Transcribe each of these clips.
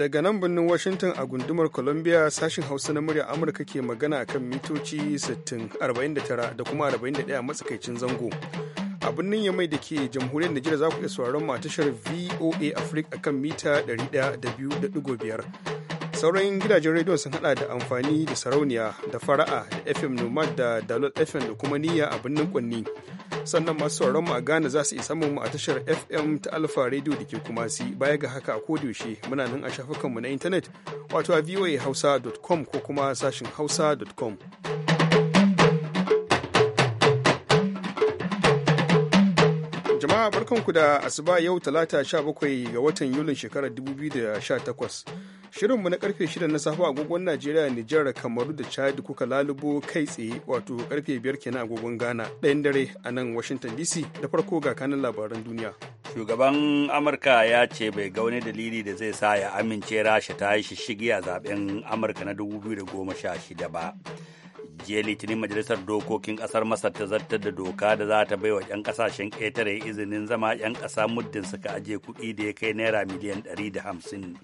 daga nan birnin washington a gundumar columbia sashin hausa na murya amurka ke magana akan mitoci 60 49 da kuma 41 a matsakaicin zango a birnin yamai da ke jamhuriyar Najeriya za ku iya sauraron mu a tashar VOA Africa akan mita 102.5 sauran gidajen rediyon sun hada da amfani da sarauniya da fara'a da FM Nomad da Dalot FM da kuma niyya a birnin Kwanni sannan masu sauran mu a Ghana za su isa mu a tashar FM ta Alpha Radio da ke kuma si baya ga haka a yaushe muna nan a shafukanmu na intanet wato a voahausa.com ko kuma sashin hausa.com. Jama'a barkanku da asuba yau talata 17 ga watan Yulin shekarar 2018. Shirinmu na karfe 6 na safe agogon Najeriya, Nijar, Kamaru da Chad kuka lalubo kai tsaye wato karfe 5 kenan agogon Ghana ɗayan dare a nan Washington DC da farko ga kanin labaran duniya. Shugaban Amurka ya ce bai ga wani dalili da zai sa ya amince Rasha ta yi shishigi a zaben Amurka na 2016 ba. jiya litinin majalisar dokokin kasar masar ta zartar da doka da za ta wa 'yan kasashen ƙetare izinin zama 'yan ƙasa muddin suka aje kuɗi da ya kai naira miliyan 150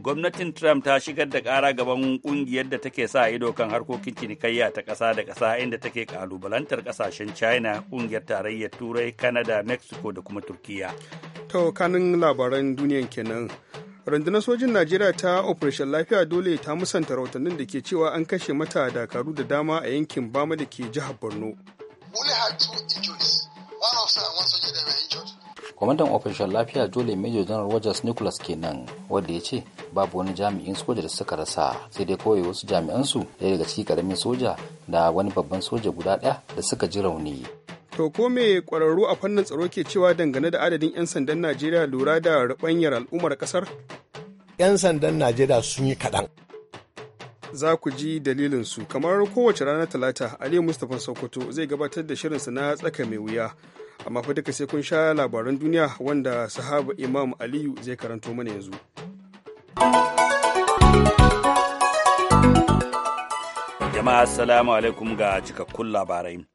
gwamnatin Trump ta shigar da ƙara gaban ƙungiyar da take sa ido kan harkokin cinikayya ta ƙasa da ƙasa inda take ƙalubalantar ƙasashen China, ƙungiyar tarayyar Turai, Canada, Mexico da kuma Turkiya. To kanin labaran duniyan kenan. Rundunar sojin Najeriya ta Operation Lafiya Dole ta musanta rahotannin da ke cewa an kashe mata dakaru da dama a yankin Bama da ke jihar Borno. kwamandan ofishin lafiya jole major general rogers nicholas kenan wanda ya ce babu wani jami'in soja da suka rasa sai dai kawai wasu jami'an su daya daga cikin karamin soja da wani babban soja guda ɗaya da suka ji rauni to ko me kwararru a fannin tsaro ke cewa dangane da adadin 'yan sandan najeriya lura da rubanyar al'ummar kasar 'yan sandan najeriya sun yi kaɗan za ku ji dalilin su kamar kowace ranar talata aliyu mustapha sokoto zai gabatar da shirinsa na tsaka mai wuya amma fa duka sai kun sha labaran duniya wanda sahaba imam aliyu zai karanto mana yanzu jama'a assalamu alaikum ga cikakkun labarai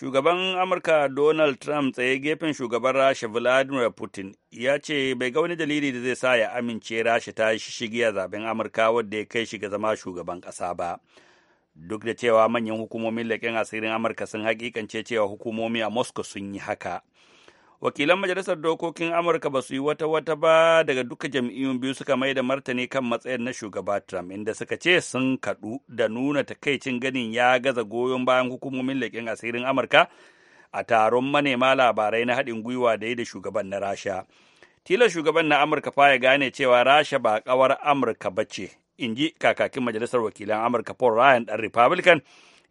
shugaban amurka donald trump tsaye gefen shugaban rasha vladimir putin ya ce bai ga wani dalili da zai sa ya amince rasha ta shigiya zaben amurka wadda ya kai shi ga zama shugaban ƙasa ba duk da cewa manyan hukumomin leƙen asirin amurka sun hakikance cewa hukumomi a moscow sun yi haka wakilan majalisar dokokin amurka ba su yi wata wata ba daga duka jam'iyyun biyu suka mai da martani kan matsayin na shugaba trump inda suka ce sun kaɗu da nuna takaicin ganin ya gaza goyon bayan hukumomin leƙen asirin amurka a taron manema labarai na haɗin gwiwa da ya da shugaban na rasha tilas shugaban na amurka fa ya gane cewa rasha ba ƙawar amurka ba ce in ji kakakin majalisar wakilan amurka paul ryan ɗan republican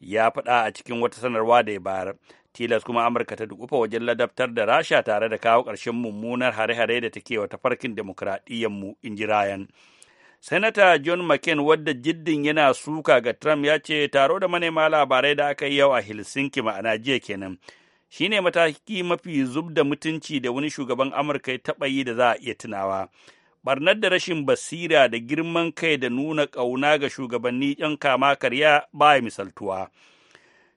ya faɗa a cikin wata sanarwa da ya bayar tilas kuma amurka ta dukufa wajen ladabtar da rasha tare da kawo ƙarshen mummunar hare-hare da take wa tafarkin demokuraɗiyyanmu in ji ryan Sanata John McCain wadda jiddin yana suka ga Trump ya ce taro da manema labarai da aka yi yau a Helsinki ma'ana jiya kenan. shine mataki mafi zub da mutunci da wani shugaban Amurka ya taɓa yi da za a iya tunawa. barnar da rashin basira da girman kai da nuna ƙauna ga shugabanni 'yan kama karya ba misaltuwa.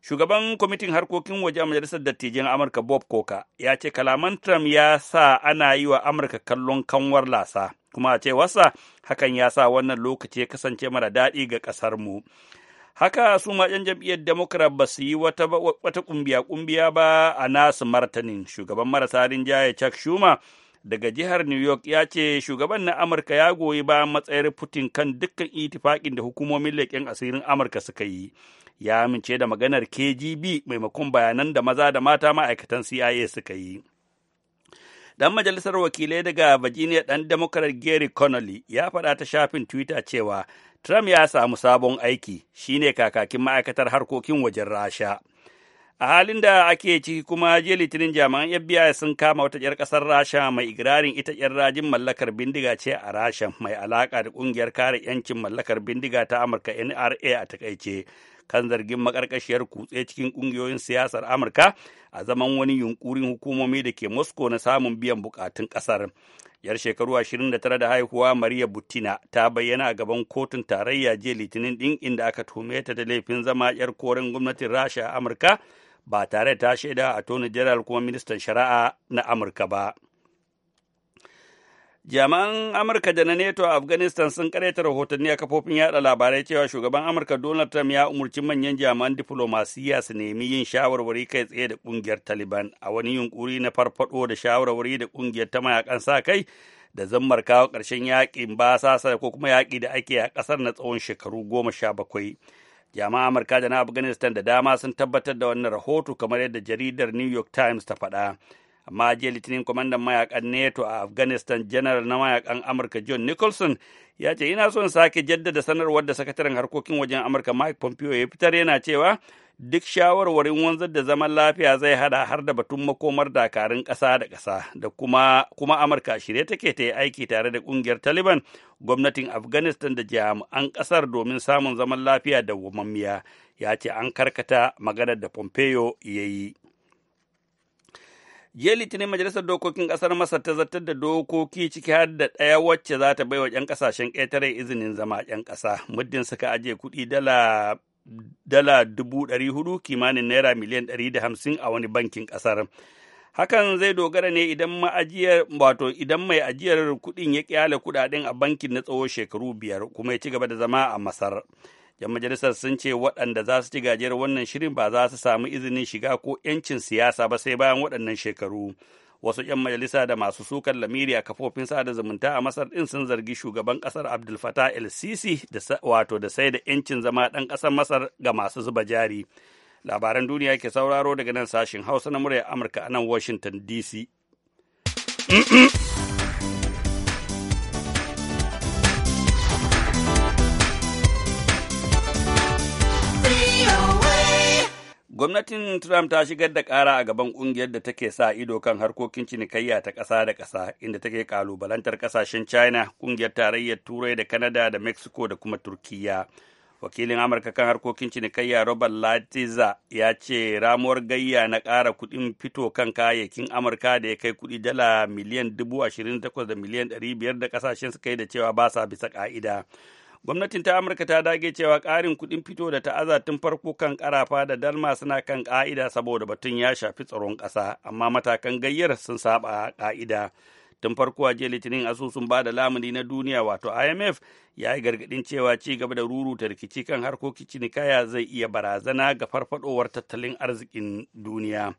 Shugaban kwamitin harkokin waje a majalisar dattijan Amurka Bob Koka ya ce kalaman Trump ya sa ana yi wa Amurka kallon kanwar lasa, kuma a wasa hakan ya sa wannan lokaci ya kasance mara daɗi ga ƙasar mu. haka su ma 'yan jam'iyyar democrat ba su yi wata wata kumbiya ba a nasu martanin shugaban marasa rinjaye chuck schumer daga jihar New York ya ce shugaban na Amurka ya goyi bayan matsayar Putin kan dukkan itifaƙin da hukumomin leƙen asirin Amurka suka yi. Ya amince da maganar KGB maimakon bayanan da maza da mata ma'aikatan CIA suka yi. Dan majalisar wakilai daga Virginia ɗan Democrat Gary Connolly ya faɗa ta shafin Twitter cewa Trump ya samu sabon aiki shine kakakin ma'aikatar harkokin wajen Rasha. a halin da ake ciki kuma jiya litinin jami'an fbi sun kama wata 'yar kasar rasha mai igirarin ita 'yar rajin mallakar bindiga ce a rasha mai alaka da kungiyar kare 'yancin mallakar bindiga ta amurka nra a takaice kan zargin makarkashiyar kutse cikin kungiyoyin siyasar amurka a zaman wani yunkurin hukumomi da ke moscow na samun biyan bukatun kasar yar shekaru 29 da haihuwa maria butina ta bayyana a gaban kotun tarayya jiya litinin din inda aka tuhume ta da laifin zama yar koren gwamnatin rasha a amurka ba tare ta shaida a tony general kuma ministan shari'a na amurka ba jami'an amurka da na neto a afghanistan sun karaita rahotanni a kafofin yada labarai cewa shugaban amurka donald trump ya umarci manyan jami'an diflomasiyya su nemi yin shawarwari kai tsaye da kungiyar taliban a wani yunkuri na farfado da shawarwari da kungiyar ta mayakan sa kai da zammar kawo ƙarshen yaƙin basasa ko kuma yaki da ake a ƙasar na tsawon shekaru goma sha bakwai jama'a amurka da na afghanistan da dama sun tabbatar da wannan rahoto kamar yadda jaridar new york times ta faɗa amma jiya litinin kwamandan mayakan neto a afghanistan janar na mayakan amurka john nicholson ya ce ina son sake jaddada sanarwar da sakataren harkokin wajen amurka mike pompeo ya fitar yana cewa duk shawarwarin wanzar da zaman lafiya zai hada har da batun makomar dakarun ƙasa da ƙasa da kuma kuma amurka shirye take ta yi aiki tare da ƙungiyar taliban gwamnatin afghanistan da jami'an ƙasar domin samun zaman lafiya da wamammiya ya ce an karkata maganar da pompeo ya yi jiya litinin majalisar dokokin kasar masar ta zartar da dokoki ciki har da ɗaya wacce za ta baiwa 'yan kasashen ƙetare izinin zama 'yan ƙasa muddin suka ajiye kuɗi dala dala dubu ɗari hudu kimanin naira miliyan ɗari da hamsin a wani bankin ƙasar. Hakan zai dogara ne idan ma'ajiyar wato idan mai ajiyar kuɗin ya ƙyale kuɗaɗen a bankin na tsawon shekaru biyar kuma ya ci gaba da zama a Masar. 'yan majalisar sun ce waɗanda za su ci gajiyar wannan shirin ba za su samu izinin shiga ko 'yancin siyasa ba sai bayan waɗannan shekaru wasu 'yan majalisa da masu sukar lamiri a kafofin sada zumunta a masar din sun zargi shugaban kasar abdul fatah el sisi wato da sai da 'yancin zama ɗan ƙasar masar ga masu zuba jari labaran duniya ke sauraro daga nan sashin hausa na murya amurka a nan washington dc Gwamnatin Trump ta shigar da ƙara a gaban ƙungiyar da take sa ido kan harkokin cinikayya ta ƙasa da ƙasa inda take kalubalantar ƙasashen China, ƙungiyar tarayyar Turai da kanada da Mexico da kuma Turkiyya. Wakilin Amurka kan harkokin cinikayya Robert Latiza ya ce ramuwar gayya na ƙara kuɗin fito kan kayayyakin Amurka da ya kai kuɗi dala miliyan dubu ashirin da miliyan ɗari biyar da ƙasashen suka yi da cewa ba sa bisa ƙa'ida. Gwamnatin ta Amurka ta dage cewa karin kuɗin fito da ta'aza tun farko kan ƙarafa da dalma suna kan ƙa'ida saboda batun ya shafi tsaron ƙasa, amma matakan gayyar sun saba ƙa'ida. tun farko a jiya litinin asusun ba da lamuni na duniya wato imf ya yi gargadin cewa ci gaba da ruruta rikici kan harkokin cinikaya zai iya barazana ga farfadowar tattalin arzikin duniya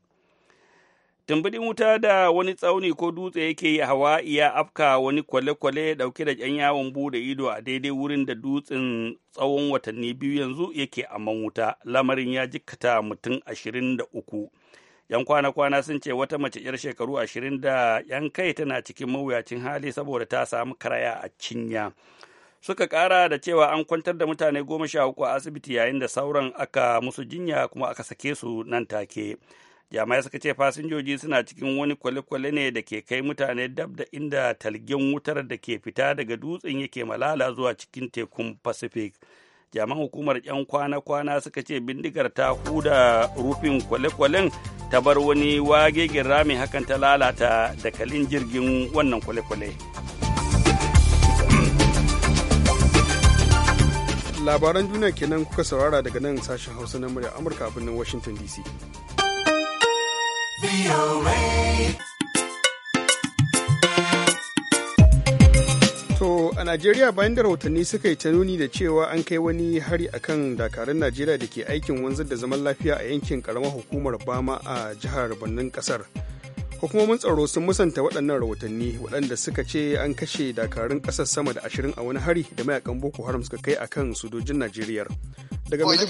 tumbudin wuta da wani tsauni ko dutse yake yi hawa iya afka wani kwale-kwale dauke da yan yawon bude ido a daidai wurin da dutsen tsawon watanni biyu yanzu yake aman wuta lamarin ya jikkata mutum ashirin da uku yan kwana-kwana sun ce wata mace yar shekaru ashirin da yan kai tana cikin mawuyacin hali saboda ta samu karaya a cinya suka kara da cewa an kwantar da mutane goma sha uku a asibiti yayin da sauran aka musu jinya kuma aka sake su nan take jami'ai suka ce fasinjoji suna cikin wani kwale-kwale ne da ke kai mutane dab da inda talgen wutar da ke fita daga dutsen yake malala zuwa cikin tekun pacific jaman hukumar 'yan kwana-kwana suka ce bindigar ta huda rufin kwale-kwalen ta bar wani wagegen rami hakan ta lalata dakalin jirgin wannan kwale-kwale labaran duniya kenan kuka saurara daga nan sashen hausa na murya amurka a birnin washington dc To a Najeriya bayan da rahotanni suka yi ta nuni da cewa an kai wani hari akan dakarun Najeriya da ke aikin wanzar da zaman lafiya a yankin karamar hukumar Bama a jihar Bannin kasar. Hukumomin tsaro sun musanta waɗannan rahotanni waɗanda suka ce an kashe dakarun ƙasar sama da ashirin a wani hari da mayakan Boko Haram suka kai akan sojojin Najeriya. Daga Maiduguri.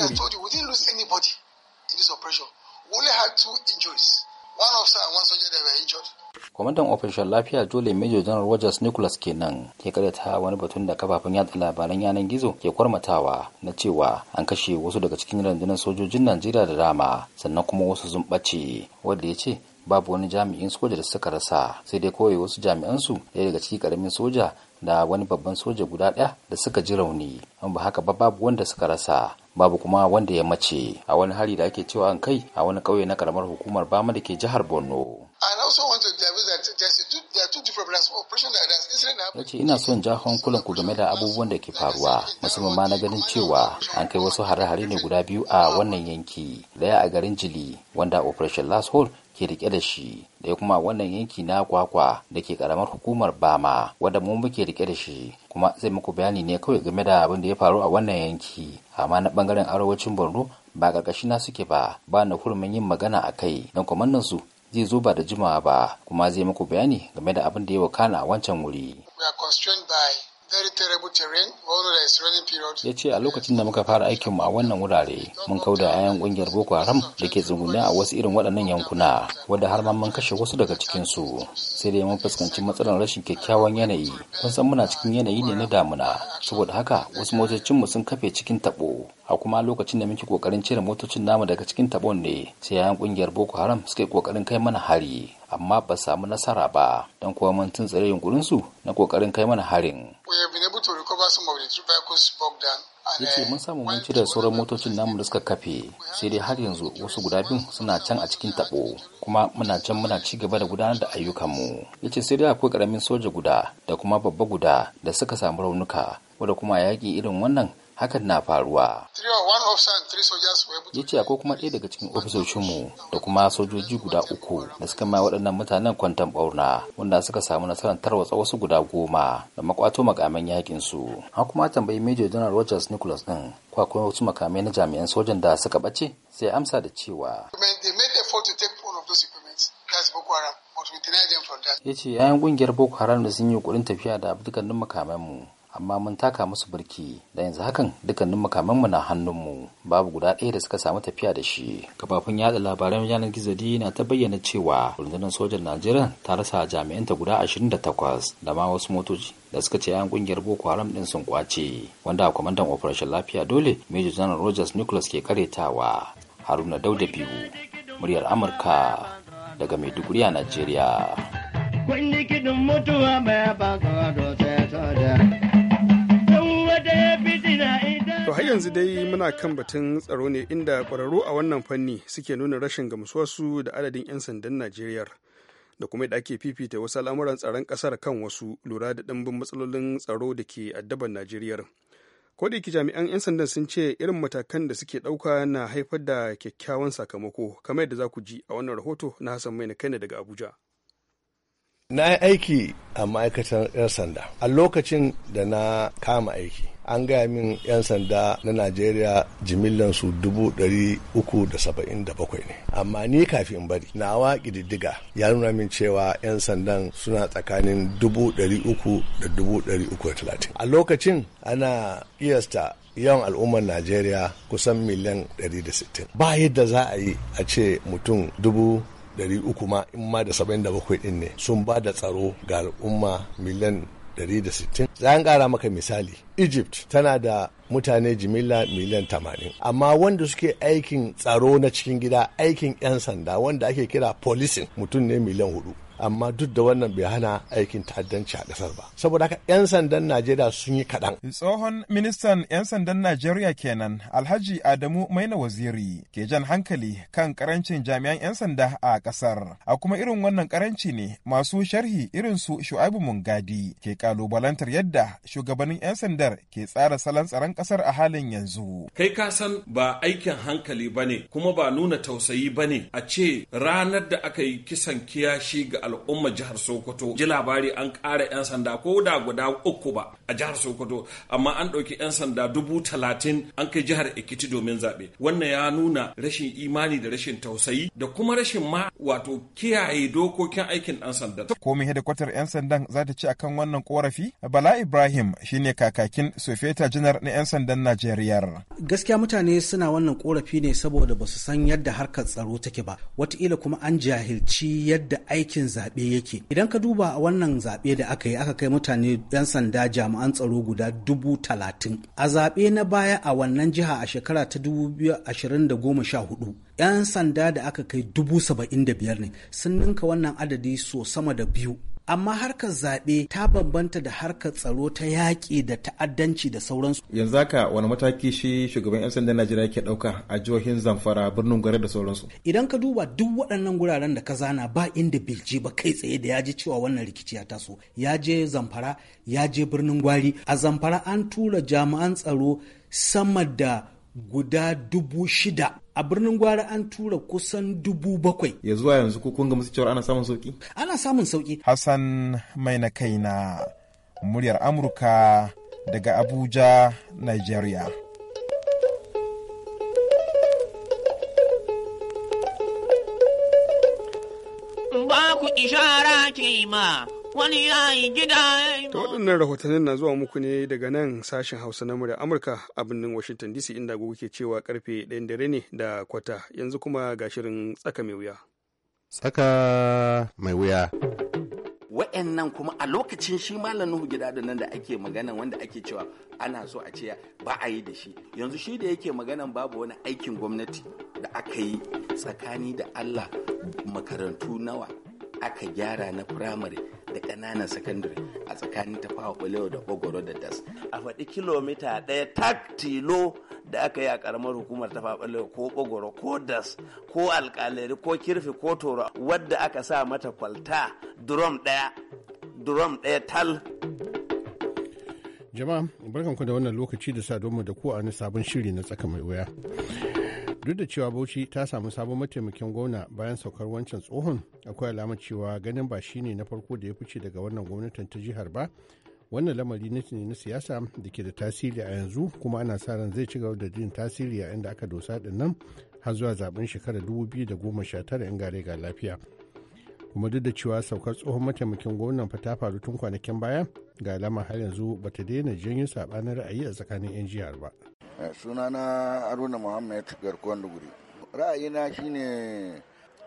One one soldier they were injured. Kwamandan ofishin lafiya Jole Major General Rogers Nicholas kenan ke karyata wani batun da kafafen yada labaran yanar gizo ke kwarmatawa na cewa an kashe wasu daga cikin rundunar sojojin Najeriya da dama sannan kuma wasu sun ɓace wanda ya ce babu wani jami'in soja da suka rasa sai dai kawai wasu jami'ansu ɗaya daga ciki karamin soja da wani babban soja guda ɗaya da suka ji rauni an ba haka ba babu wanda suka rasa babu kuma wanda ya mace a wani hari da ake cewa an kai a wani kauye na karamar hukumar bama da ke jihar borno ya ce ina son ja hankulan ku game da abubuwan da ke faruwa musamman ma na ganin cewa an kai wasu hare-hare ne guda biyu a wannan yanki daya a garin jili wanda operation last hole ke rike da shi da kuma wannan yanki na kwakwa da ke karamar hukumar bama wanda mu muke rike da shi kuma zai muku bayani ne kawai game da abin da ya faru a wannan yanki amma na bangaren arewacin borno ba karkashi na suke ba ba na hurumin yin magana a kai don kwamandan su zai zo ba da jimawa ba kuma zai muku bayani game da abin da ya wakana a wancan wuri. ya ce a lokacin da muka fara aikinmu a wannan wurare mun kauda 'ya'yan kungiyar boko haram da ke tsugune a wasu irin waɗannan yankuna wadda har ma mun kashe wasu daga cikin su sai dai mun fuskanci matsalar rashin kyakkyawan yanayi kun san muna cikin yanayi ne na damuna saboda haka wasu motocin mu sun kafe cikin taɓo a kuma lokacin da muke kokarin cire motocin namu daga cikin tabon ne sai yayan kungiyar boko haram suke kokarin kai mana hari amma ba samu nasara ba don kuma mun tsare yunkurin su na kokarin kai mana harin yace mun samu mun uh, cire sauran motocin namu da suka kafe sai dai har yanzu wasu guda biyu suna can a cikin tabo kuma muna can muna ci gaba da gudanar da ayyukanmu yace sai dai akwai karamin soja guda da kuma babba guda da suka samu raunuka wanda kuma yaƙi irin wannan hakan na faruwa ya ce akwai kuma ɗaya daga cikin ofisoshinmu da kuma sojoji guda uku da suka ma waɗannan mutanen kwantan ɓauna wanda suka samu nasarar tarwatsa wasu guda goma da makwato makaman yakin su an kuma tambayi major general rogers nicholas ɗin ko akwai wasu makamai na jami'an sojan da suka ɓace sai amsa da cewa ya ce yayan ƙungiyar boko haram da sun yi kudin tafiya da dukkanin makamanmu amma mun taka musu birki da yanzu hakan dukkanin makamanmu na hannunmu babu guda ɗaya da suka samu tafiya da shi kafafun yada labaran yanar gizo na ta bayyana cewa rundunar sojan najeriya ta rasa jami'anta guda 28 da ma wasu motoci da suka ce 'yan kungiyar boko haram din sun kwace wanda kwamandan operation lafiya dole major general rogers nicholas ke karetawa haruna dauda biyu muryar amurka daga maiduguri a najeriya Kwenye kidin mutuwa mai baka sai soja. To har yanzu dai muna kan batun tsaro ne inda ƙwararru a wannan fanni suke nuna rashin su da adadin 'yan sandan Najeriya da kuma da ake fifita wasu al'amuran tsaron ƙasar kan wasu lura da ɗimbin matsalolin tsaro da ke addaban Najeriya. Ko da jami'an 'yan sandan sun ce irin matakan da suke ɗauka na haifar da kyakkyawan sakamako kamar yadda za ku ji a wannan rahoto na Hassan Maina Kaina daga Abuja. Na yi aiki a ma'aikatan 'yan sanda a lokacin da na kama aiki. an gaya min 'yan sanda na najeriya jimillan su dubu uku ne amma ni kafin bari nawa ƙididdiga ya nuna min cewa 'yan sandan suna tsakanin dubu da dubu a lokacin ana iyasta yawan al'ummar najeriya kusan miliyan 160 ba yadda za a yi a ce mutum dubu dari uku ma in ma da saba'in da ne sun ba da tsaro ga al'umma miliyan 160 zan kara maka misali egypt tana da mutane jimilla miliyan 80 amma wanda suke aikin tsaro na cikin gida aikin 'yan sanda wanda ake kira policing mutum ne miliyan hudu amma duk da wannan bai hana aikin ta'addanci a ƙasar ba saboda haka 'yan sandan najeriya sun yi kaɗan tsohon ministan 'yan sandan najeriya kenan alhaji adamu maina waziri ke jan hankali kan karancin jami'an 'yan sanda a ƙasar a kuma irin wannan karanci ne masu sharhi irin su shu'aibu mungadi ke kalubalantar yadda shugabannin 'yan sandar ke tsara salon tsaron ƙasar a halin yanzu kai ka san ba aikin hankali ba kuma ba nuna tausayi bane a ce ranar da aka yi kisan kiyashi ga al'ummar jihar Sokoto ji labari an ƙara 'yan sanda ko da guda uku ba a jihar Sokoto amma an ɗauki 'yan sanda dubu talatin an kai jihar Ekiti domin zaɓe wannan ya nuna rashin imani da rashin tausayi da kuma rashin ma wato kiyaye dokokin aikin ɗan sanda. Komai hedikwatar 'yan sandan za ta ci akan wannan korafi? Bala Ibrahim shine kakakin Sofeta Janar na 'yan sandan Najeriya. Gaskiya mutane suna wannan korafi ne saboda ba su san yadda harkar tsaro take ba. Wataƙila kuma an jahilci yadda aikin zaɓe yake idan ka duba a wannan zaɓe da aka yi aka kai mutane 'yan sanda jami'an tsaro guda dubu talatin a zaɓe na baya a wannan jiha a shekara ta hudu 'yan sanda da aka kai dubu saba'in da biyar ne sun ninka wannan adadi so sama da biyu amma harkar zaɓe ta bambanta da harkar tsaro ta yaƙi da ta'addanci da sauransu. Yanzu haka wani mataki shi shugaban 'yan sanda Najeriya ke ɗauka a jihohin Zamfara birnin gwari da sauransu. Idan ka duba duk waɗannan guraren da ka zana ba inda bilji ba kai tsaye da ya ji cewa wannan rikici ya taso. Ya je Zamfara, ya je birnin Gwari. A Zamfara an tura jami'an tsaro sama da guda dubu shida a birnin gwari an tura kusan dubu bakwai ya zuwa yanzu ko ga musu cewa ana samun sauki ana samun sauki hassan mai na kai na muryar amurka daga abuja nigeria ba ku ishara ke ma wani ya yi gida ta waɗannan rahotannin na zuwa muku ne daga nan sashen hausa na murya amurka a birnin washington dc inda gugu ke cewa karfe ɗayan dare ne da kwata yanzu kuma ga shirin tsaka mai wuya tsaka mai wuya waɗannan kuma a lokacin shi malam nuhu gida da nan da ake magana wanda ake cewa ana so a ce ba a yi da shi yanzu shi da yake maganan babu wani aikin gwamnati da aka yi tsakani da allah makarantu nawa aka gyara na firamare da ƙananan sakandare a tsakanin tafawa kwalewa da ogoro da das a faɗi kilomita ɗaya tak tilo da aka yi a ƙaramar hukumar tafa balewa ko ogoro ko das ko alƙalari ko kirfi ko toro wadda aka sa mata kwalta drum ɗaya drum ɗaya tal jama'a barkanku da wannan lokaci da sa domin da ku a wani sabon shiri na tsaka mai wuya duk da cewa bauchi ta samu sabon mataimakin gwamna bayan saukar wancan tsohon akwai alamar cewa ganin ba shine na farko da ya fice daga wannan gwamnatin ta jihar ba wannan lamari na ne na siyasa da ke da tasiri a yanzu kuma ana sa ran zai ci gaba da jin tasiri a inda aka dosa dinnan har zuwa zaben shekarar 2019 in gare ga lafiya kuma duk da cewa saukar tsohon mataimakin gwamnan fa faru tun kwanakin baya ga alama har yanzu ba ta daina janyo sabanin ra'ayi a tsakanin 'yan jihar ba eh, sunana haruna muhammad garkuwan duguri ra'ayina shine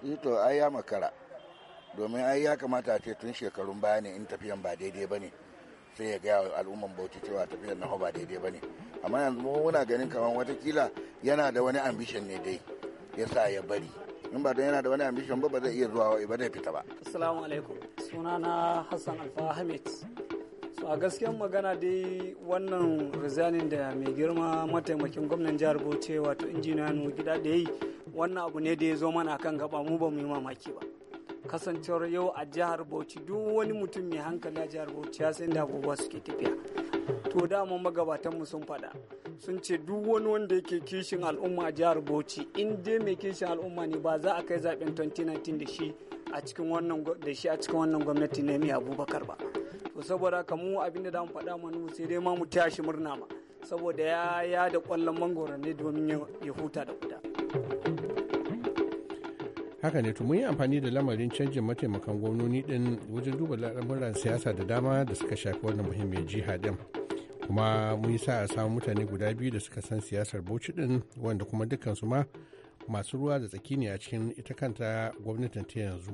ito eh, ai ya makara domin ai ya kamata a ce tun shekarun baya ne in tafiyan ba daidai ba ne sai ya gaya al'umman bauchi cewa tafiyan na ba daidai ba ne amma yanzu muna ganin kamar watakila yana da wani ambishin ne dai ya sa ya bari in ba don yana da wani ambition ba ba zai iya zuwa ba zai fita ba assalamu alaikum na hassan alfa hamid so a gaskiyar magana dai wannan rizanin da mai girma mataimakin gwamnan jihar bauchi wato injiniya nu gida da yi wannan abu ne da ya zo mana kan gaba mu ba mu yi mamaki ba kasancewar yau a jihar bauchi duk wani mutum mai hankali a jihar bauchi ya san da abubuwa suke tafiya to dama mu sun faɗa sun ce duk wani wanda yake kishin al'umma a jihar bauchi in dai mai kishin al'umma ne ba za a kai zaben 2019 da shi a cikin wannan da shi a cikin wannan gwamnati ne mai abubakar ba to saboda haka mu abinda da mu faɗa mu sai dai ma mu tashi murna ma saboda ya ya da kwallon mangoro ne domin ya huta da guda haka ne to mun yi amfani da lamarin canjin mataimakan gwamnoni din wajen duba lamuran siyasa da dama da suka shafi wannan muhimmiyar jiha din kuma mun yi sa a samu mutane guda biyu da suka san siyasar bauchi din wanda kuma dukkansu ma masu ruwa da tsaki ne a cikin ita kanta gwamnatin ta yanzu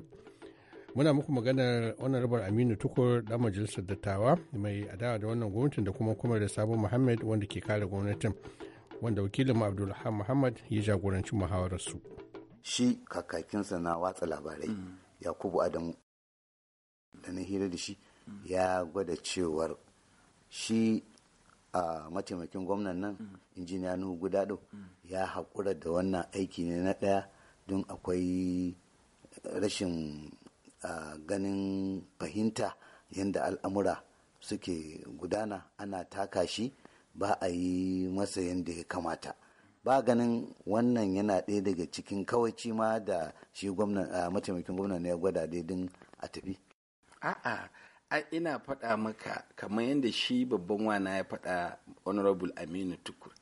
muna muku maganar wannan rabar aminu tukur dan majalisar dattawa mai adawa da wannan gwamnatin da kuma kuma da sabon muhammad wanda ke kare gwamnatin wanda wakilin abdulhamid muhammad ya jagoranci muhawararsu. su shi kakakinsa na watsa labarai mm. yakubu adamu da na hira da shi mm. ya gwada cewar shi a mataimakin gwamnan nan mm. injiniya nuhu gudado ya haƙura da wannan aiki ne na ɗaya don akwai rashin ganin fahimta yadda al'amura suke gudana ana taka shi ba a yi masa yadda ya kamata ba ganin wannan yana ɗaya daga cikin kawaici ma da shi gwamnan mataimakin gwamnan ya gwada daidin a tafi a'a a ina faɗa maka kamar yadda shi babban wana ya faɗa honorable aminu tukur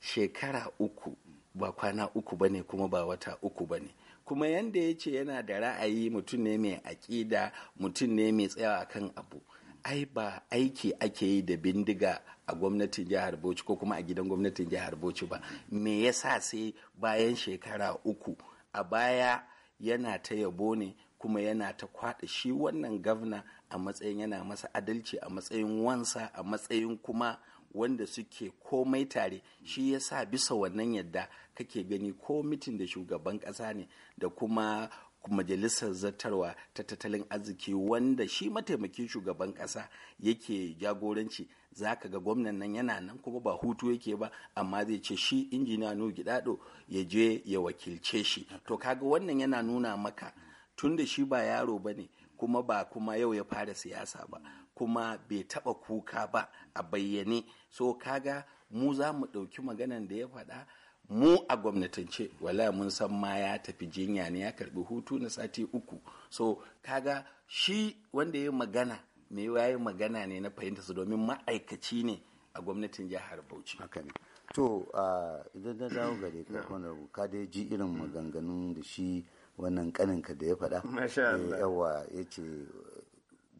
shekara uku ba kwana uku bane kuma ba wata uku bane kuma yadda ya ce yana da ra'ayi mutum ne mai aƙida mutum ne mai tsayawa kan abu ai ba aiki ake yi da bindiga a gwamnatin jihar Bauchi ko kuma a gidan gwamnatin jihar Bauchi ba me yasa sai bayan shekara uku a baya yana ta yabo ne kuma yana ta kwaɗa shi wannan gavna a matsayin yana masa adalci a matsayin wansa a matsayin kuma wanda suke komai tare shi yasa bisa wannan yadda kake gani ko mitin da shugaban ƙasa ne da kuma majalisar zartarwa ta tattalin arziki wanda shi mataimakin shugaban ƙasa yake jagoranci za ka ga gwamnan nan yana nan kuma ba hutu yake ba amma zai ce shi injiniya nu gidado ya je ya wakilce shi to kaga wannan yana nuna maka tun da shi ba yaro ba ne kuma ba kuma yau ya fara siyasa ba kuma bai taba kuka ba a bayyane so kaga mu za mu ɗauki maganan da ya faɗa mu a gwamnatance wala mun san ma ya tafi jinya ne ya karbi hutu na sati uku so kaga shi wanda ya magana me ya magana ne na fahimta su domin ma'aikaci ne a gwamnatin jihar Bauchi to idan na dawo gare ka honorable ka dai ji irin maganganun da shi wannan kaninka da ya faɗa eh, yawa ya ce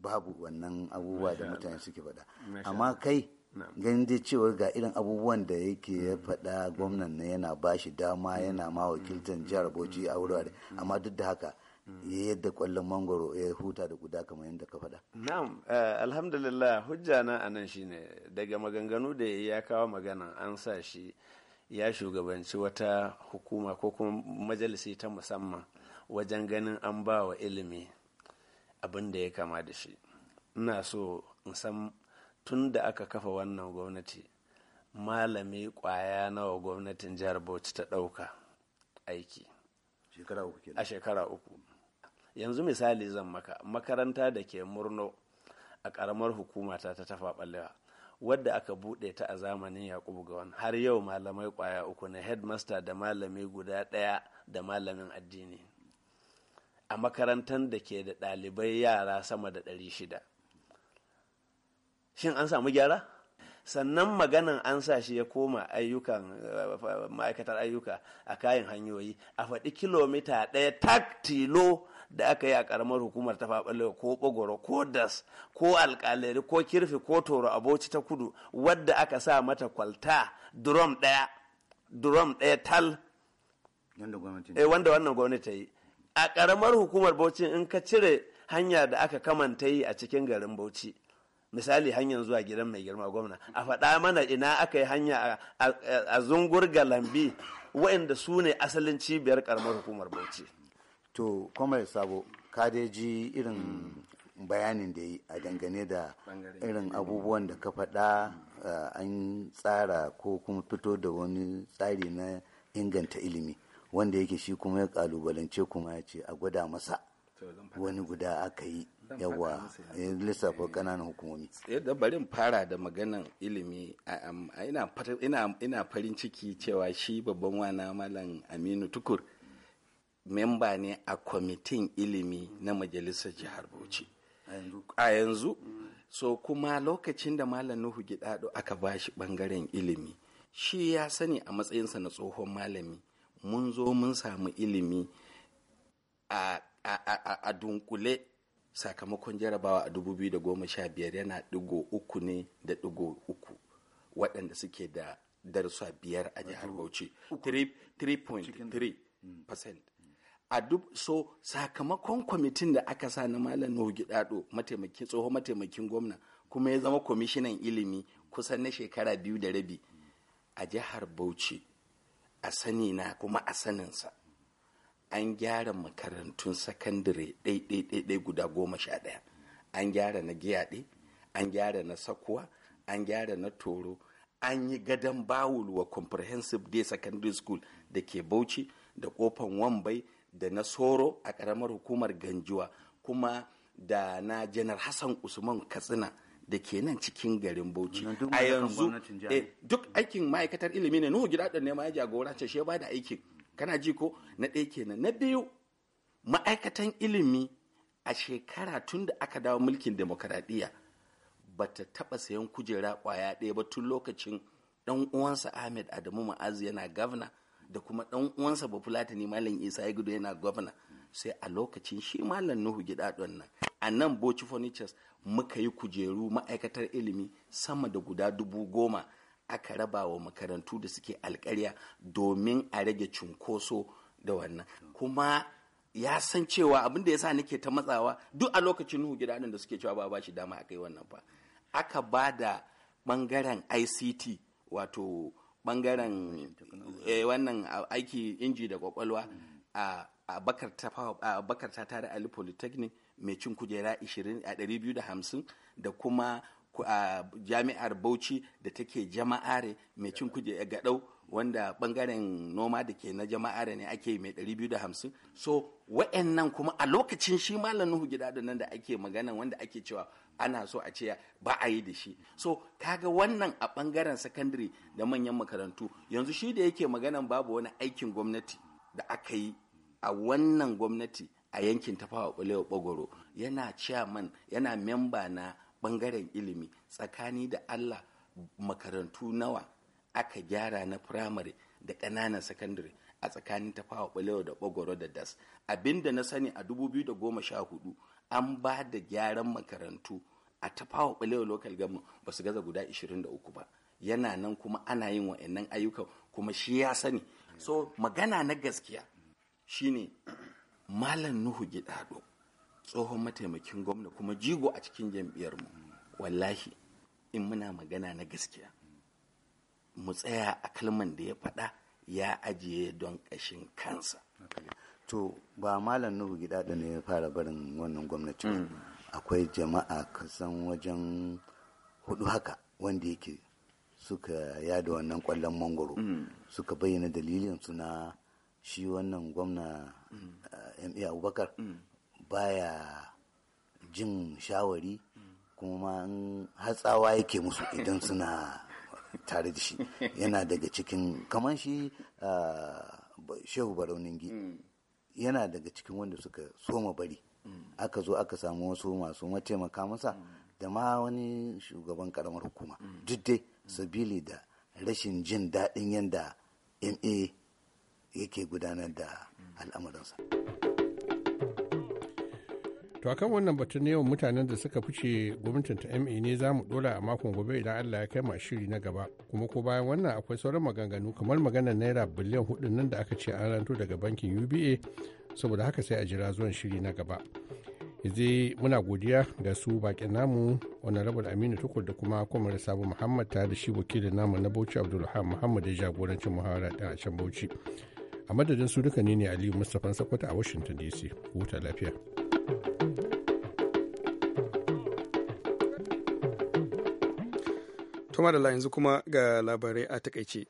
babu wannan abubuwa da mutane suke faɗa amma kai ganin dai cewar ga irin abubuwan da yake ya faɗa gwamnan na yana ba shi dama yana ma wakiltan jihar bauchi a wurare amma duk da haka ya yadda kwallon mangoro ya huta da guda kamar yadda ka faɗa. Na'am, eh, alhamdulillah hujja na anan shine daga maganganu da ya kawo magana an sa shi ya shugabanci wata hukuma ko kuma majalisi ta musamman wajen ganin an ba wa ilimi abin da ya kama da shi. Ina so in san tun da aka kafa wannan gwamnati malami kwaya nawa gwamnatin jihar bauchi ta ɗauka aiki a shekara uku yanzu misali zan maka makaranta da ke murno a ƙaramar hukuma ta ta tafa wadda aka buɗe ta a zamanin yakubu gawan har yau malamai kwaya uku na headmaster da malami guda ɗaya da malamin addini a makarantar da ke da ɗalibai yara sama da ɗari shida shin an samu gyara sannan maganan an sa shi ya koma ayyukan eh, ma'aikatar ayyuka a kayan hanyoyi a faɗi kilomita ɗaya taktilo da aka yi a ƙaramar hukumar ta faɓalle ko ɓogoro ko das ko alƙalari ko kirfi ko toro aboci ta kudu wadda aka sa mata kwalta drum ɗaya drum ɗaya tal eh, wanda wannan gwamnati ta yi a ƙaramar hukumar bauchi in ka cire hanya da aka kamanta yi a cikin garin bauchi misali hanyar zuwa gidan mai girma gwamna a faɗa mana ina aka yi hanya a zungur lambi waɗanda su ne asalin cibiyar karamar hukumar bauchi to ya sabo ka dai irin bayanin da yi a dangane da irin abubuwan da ka faɗa an tsara ko kuma fito da wani tsari na inganta ilimi wanda yake shi kuma ya kalubalance kuma ya ce a gwada masa wani guda aka yi yawa eh, lissafa kananan eh. hukumomi eh, da bari fara da maganan ilimi ina farin ciki cewa shi babban wana malam aminu tukur memba ne a kwamitin ilimi na majalisar jihar bauchi a yanzu so kuma lokacin da malam nuhu gidado aka bashi bangaren ilimi shi ya sani a matsayinsa na tsohon malami mun zo mun samu ilimi a, a, a dunkule sakamakon jarabawa a 2015 yana digo uku ne da digo uku waɗanda suke da darussa biyar a jihar Bauchi 3.3 hmm. a duk so sakamakon kwamitin da aka sa na malam nuhu gidado mataimakin tsohon mataimakin gwamna kuma ya zama kwamishinan ilimi kusan na shekara biyu da rabi a jihar bauchi a sani na kuma a saninsa an gyara makarantun sakandare ɗaiɗaiɗaiɗai guda goma sha ɗaya an gyara na giyaɗe an gyara na sakuwa an gyara na toro an yi gadon bawul wa comprehensive day secondary school da ke bauchi da kofan wambai da na soro a ƙaramar hukumar ganjuwa kuma da na janar hassan usman katsina da ke nan cikin garin bauchi a yanzu eh, duk aikin ma'aikatar ilimi ne nuhu gida ne ma ya jagorance shi ya ba da aikin kana ji ko na ɗaya kenan na biyu ma'aikatan ilimi a shekara tun da aka dawo mulkin demokaradiyya ba ta taɓa sayan kujera ƙwaya ɗaya ba tun lokacin ɗan uwansa ahmed adamu ma'azu yana gwamna da kuma ɗan uwansa bafulatani malam isa ya gudu yana gwamna sai a lokacin shi malam nuhu gidaɗon nan a nan bochi furnitures muka yi kujeru ma'aikatar ilimi sama da guda dubu goma aka raba wa makarantu da suke alkarya domin a rage cunkoso da wannan kuma ya san cewa abin da ya sa nake ta matsawa duk a lokacin nuhu gida da suke cewa ba ba shi dama a kai wannan fa aka ba da bangaren ict wato bangaren eh, wannan aiki inji da kwakwalwa a bakar ta tare ali polytechnic mai cin kujera 250 da kuma a jami'ar Bauchi da take jama'are mai cin kuje eh, gadau wanda bangaren noma da ke na jama'are ne ake mai 250 so wa'annan kuma a lokacin shi malam Nuhu gida da nan da ake magana wanda ake cewa ana so a ce ba a yi da shi so kaga wannan a ɓangaren sakandare da manyan makarantu yanzu shi da yake maganan babu wani aikin gwamnati da aka yi a wannan gwamnati a yankin tafawa ɓalewa bagoro yana chairman yana memba na bangaren ilimi tsakani da allah makarantu nawa aka gyara na firamare da ƙananan sakandare a tsakanin tafawa balewa da bagoro da das abinda na sani a 2014 an ba da gyaran makarantu a tafawa balewa local government ba su gaza guda 23 ba yana nan kuma ana yin wa'annan ayyukan kuma shi ya sani so magana na gaskiya shine malam nuhu gidado tsohon mataimakin gwamna kuma jigo a cikin jam'iyyarmu wallahi in muna magana na gaskiya mu tsaya a kalman da ya faɗa ya ajiye don ƙashin kansa to ba malam nuhu gida da ne ya fara barin wannan gwamnati mm. akwai jama'a kasan wajen hudu haka wanda yake suka yada wannan kwallon mangoro mm. suka bayyana dalilin suna shi wannan gwamna ma mm. eh, abubakar baya jin shawari kuma in hatsawa yake musu idan suna tare da shi yana daga cikin kamar shi ah, shehu barauningi yana daga cikin wanda suka soma bari aka zo aka samu wasu masu mataimaka masa da ma wani shugaban karamar hukuma duk dai sabili da rashin jin daɗin yadda ma yake gudanar da al'amuransa. To akan wannan batun yawan mutanen da suka fice gwamnatin ta MA ne za mu dora a makon gobe idan Allah ya kai shiri na gaba. Kuma ko bayan wannan akwai sauran maganganu kamar maganar naira biliyan hudu nan da aka ce an ranto daga bankin UBA saboda haka sai a jira zuwan shiri na gaba. yanzu muna godiya ga su bakin namu rabar aminu tukur da kuma kwamar sabu muhammad ta da shi wakilin namu na bauchi Abdulrahman muhammad ya jagorancin muhawara ɗin a can bauchi a madadin su duka ne ne aliyu mustapha sakwata a washington dc huta lafiya Tuma da yanzu kuma ga labarai a takaice.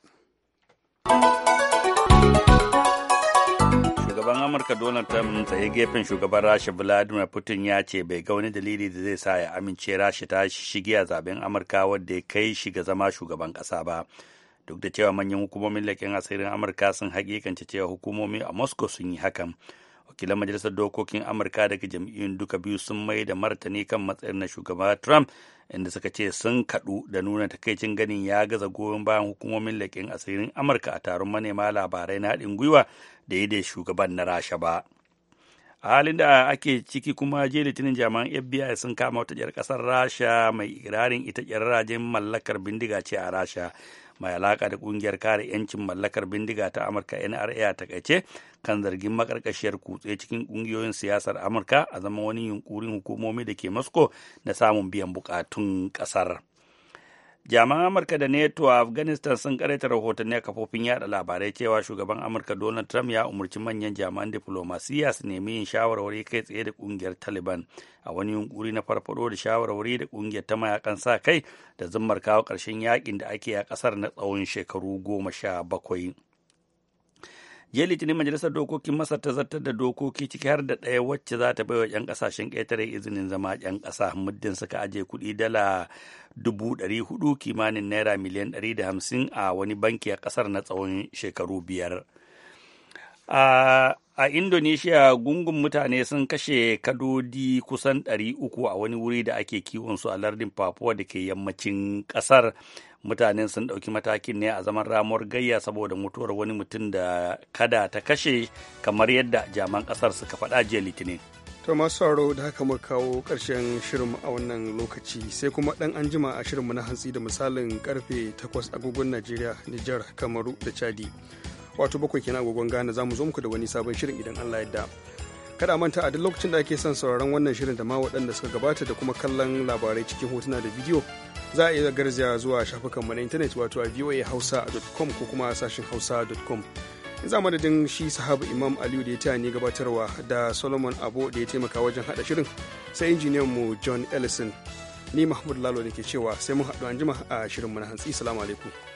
Shugaban Amurka Donald Trump tsaye gefen shugaban Rasha Vladimir Putin ya ce bai ga wani dalili da zai sa ya amince Rasha ta shige a zaben Amurka wadda ya kai shi ga zama shugaban ƙasa ba. Duk da cewa manyan hukumomin leƙen asirin Amurka sun hakikance cewa hukumomi a Moscow sun yi hakan. wakilan majalisar dokokin amurka daga jam'iyyun duka biyu sun mai da martani kan matsayin na shugaba trump inda suka ce sun kaɗu da nuna takaicin ganin ya gaza goyon bayan hukumomin laƙin asirin amurka a taron manema labarai na haɗin gwiwa da ya da shugaban na rasha ba a halin da ake ciki kuma je litinin jami'an fbi sun kama wata 'yar ƙasar rasha mai ikirarin ita 'yar rajin mallakar bindiga ce a rasha mai alaka da kungiyar kare 'yancin mallakar bindiga ta amurka nra a takaice kan zargin makarkashiyar kutse cikin kungiyoyin siyasar amurka a zama wani yunkurin hukumomi da ke moscow na samun biyan bukatun kasar. jami'an amurka da neto a afghanistan sun karaita rahotanni a kafofin yada labarai cewa shugaban amurka donald trump ya umarci manyan jami'an diplomasiya su nemi yin shawarwari kai tsaye da kungiyar taliban a wani yunkuri na farfado da shawarwari da kungiyar ta mayakan sa kai da zummar kawo ƙarshen yakin da ake a ƙasar na tsawon shekaru goma sha bakwai ya litinin majalisar dokokin masar ta zartar da dokoki ciki har da ɗaya wacce za ta baiwa 'yan ƙasashen ƙetare izinin zama 'yan ƙasa muddin suka aje kuɗi dala dubu ɗari hudu kimanin naira miliyan ɗari da hamsin a wani banki a ƙasar na tsawon shekaru biyar a indonesia gungun mutane sun kashe kadodi kusan ɗari uku a wani wuri da ake kiwon su a lardin papua da ke yammacin ƙasar mutanen sun ɗauki matakin ne a zaman ramuwar gayya saboda mutuwar wani mutum da kada ta kashe kamar yadda jaman ƙasar suka faɗa jiya litinin to masu sauraro da haka muka kawo ƙarshen shirin a wannan lokaci sai kuma ɗan an jima a shirinmu na hantsi da misalin karfe 8 agogon najeriya nijar kamaru da chadi wato bakwai kenan agogon ghana za mu zo muku da wani sabon shirin idan allah yadda kada manta a duk lokacin da ake son sauraron wannan shirin da ma waɗanda suka gabata da kuma kallon labarai cikin hotuna da bidiyo za a iya garzaya zuwa shafukanmu na intanet wato a voahausa.com ko kuma sashen hausa.com za madadin shi sahabu imam aliyu da ya taya ne gabatarwa da solomon abu da ya taimaka wajen haɗa shirin sai injiniyan mu john ellison ni mahmud lalo da ke cewa sai mun haɗu anjima a shirin mu na hantsi salamu alaikum